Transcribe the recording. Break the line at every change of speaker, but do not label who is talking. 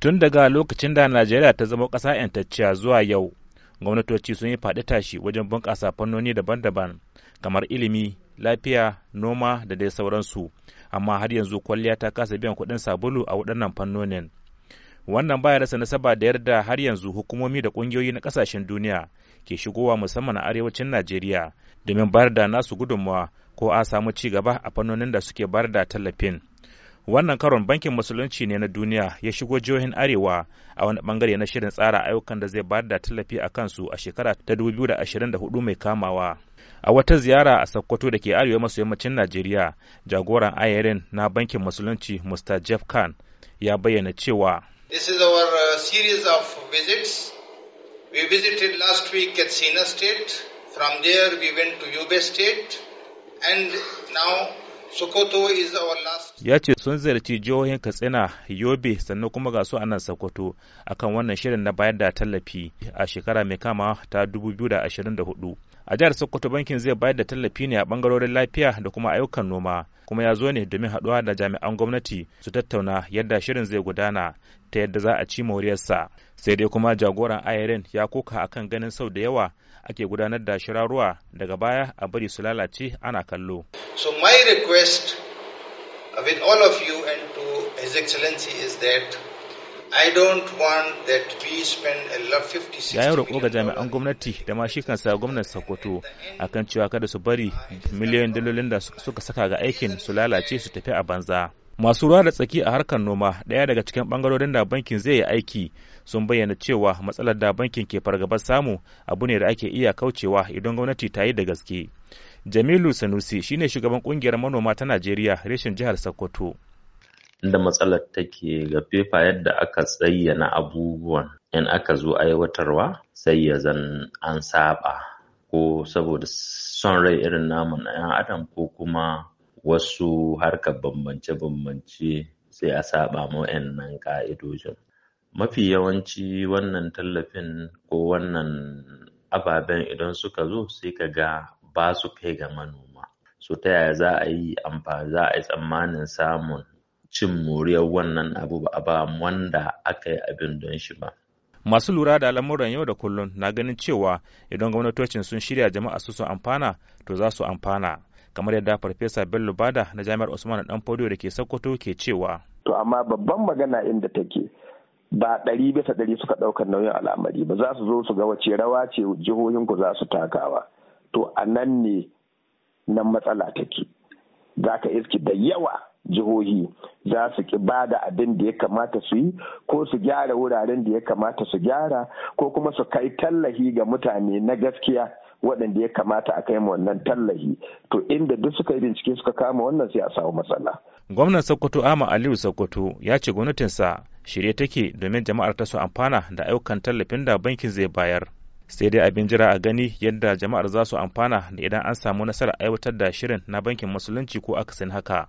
tun daga lokacin da najeriya ta zama ƙasa 'yantacciya zuwa yau gwamnatoci sun yi faɗi tashi wajen bunƙasa fannoni daban-daban kamar ilimi lafiya noma da dai sauransu amma har yanzu kwalliya ta kasa biyan kuɗin sabulu a waɗannan fannonin wannan baya rasa nasaba da yarda har yanzu hukumomi da ƙungiyoyi na ƙasashen duniya ke shigowa musamman a arewacin najeriya domin bayar da nasu gudunmawa ko a samu ci gaba a fannonin da suke bayar da tallafin wannan karon bankin musulunci ne na duniya ya shigo jihohin arewa a wani bangare na shirin tsara ayyukan da zai bayar da tallafi a kansu a shekara ta 2024 mai kamawa a wata ziyara a sokoto da ke arewa maso yammacin najeriya jagoran ayarin na bankin musulunci mr jeff khan ya bayyana cewa this is our uh, of visits we visited last week at sina state from there we to and now Ya ce sun ziyarci jihohin Katsina, Yobe sannan kuma ga su a nan Sokoto akan wannan shirin na bayar da tallafi a shekara mai kama ta 2024. A jihar Sokoto bankin zai bayar da tallafi ne a bangarorin lafiya da kuma ayyukan noma. kuma ya zo ne domin haɗuwa da jami'an gwamnati su tattauna yadda shirin zai gudana ta yadda za a ci moriyarsa sai dai kuma jagoran irin ya koka akan ganin sau da yawa ake gudanar da shirarruwa daga baya a bari su lalace ana kallo so my request with all of you and to his excellency is that ya yi roƙo ga jami'an gwamnati da ma shi kansa gwamnan sokoto a kan cewa kada su bari miliyoyin dalolin da suka saka ga aikin su lalace su tafi a banza masu ruwa da tsaki a harkar noma ɗaya daga cikin ɓangarorin da bankin zai yi aiki sun bayyana cewa matsalar da bankin ke fargabar samu abu ne da ake iya kaucewa idan gwamnati ta yi da gaske jamilu sanusi shi ne shugaban kungiyar manoma ta najeriya reshen jihar sokoto
inda matsalar take ga fefa yadda aka tsayyana abubuwan in aka zo aiwatarwa sai ya zan an saba ko saboda son rai irin namu na 'yan adam ko kuma wasu harkar bambance-bambance sai a saba 'yan nan ka'idojin mafi yawanci wannan tallafin ko wannan ababen idan suka zo sai ka ga ba su kai ga manoma so ta yaya za a yi amfani za a yi tsammanin samun cin moriyar wannan abu ba a ba wanda aka yi abin don shi ba.
Masu lura da al'amuran yau da kullum na ganin cewa idan gwamnatocin sun shirya jama'a su su amfana to za su amfana kamar yadda Farfesa Bello Bada na Jami'ar Usman Dan Fodio da ke Sokoto ke cewa.
To amma babban magana inda take ba ɗari bisa ɗari suka ɗaukar nauyin al'amari ba za su zo su ga wace rawa ce jihohin ku za su takawa to a nan ne nan matsala take za ka iski da yawa jihohi za su ki ba da abin da ya kamata su yi ko su gyara wuraren da ya kamata su gyara ko kuma su kai tallahi ga mutane na gaskiya waɗanda ya kamata a kai wannan tallahi to inda duk suka yi bincike suka kama wannan sai a samu matsala.
gwamnan sokoto ama aliyu sokoto ya ce gwamnatinsa shirye take domin jama'ar ta su amfana da ayyukan tallafin da bankin zai bayar sai dai abin jira a gani yadda jama'ar za su amfana da idan an samu nasarar aiwatar da shirin na bankin musulunci ko akasin haka